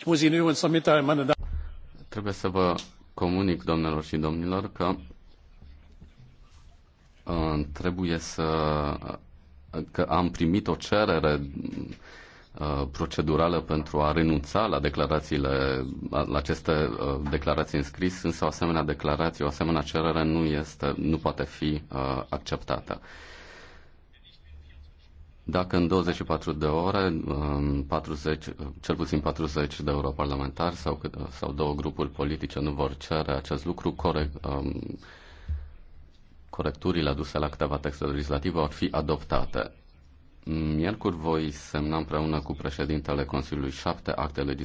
Ich muss Ihnen übrigens noch mitteilen, meine Damen. Trebuie să vă comunic, domnilor și domnilor, că uh, trebuie să că am primit o cerere uh, procedurală pentru a renunța la declarațiile, la aceste uh, declarații înscris, însă o asemenea declarație, o asemenea cerere nu, este, nu poate fi acceptată dacă în 24 de ore 40, cel puțin 40 de europarlamentari sau, sau două grupuri politice nu vor cere acest lucru, corect, um, corecturile aduse la câteva texte legislative vor fi adoptate. Miercuri voi semna împreună cu președintele Consiliului șapte acte legislative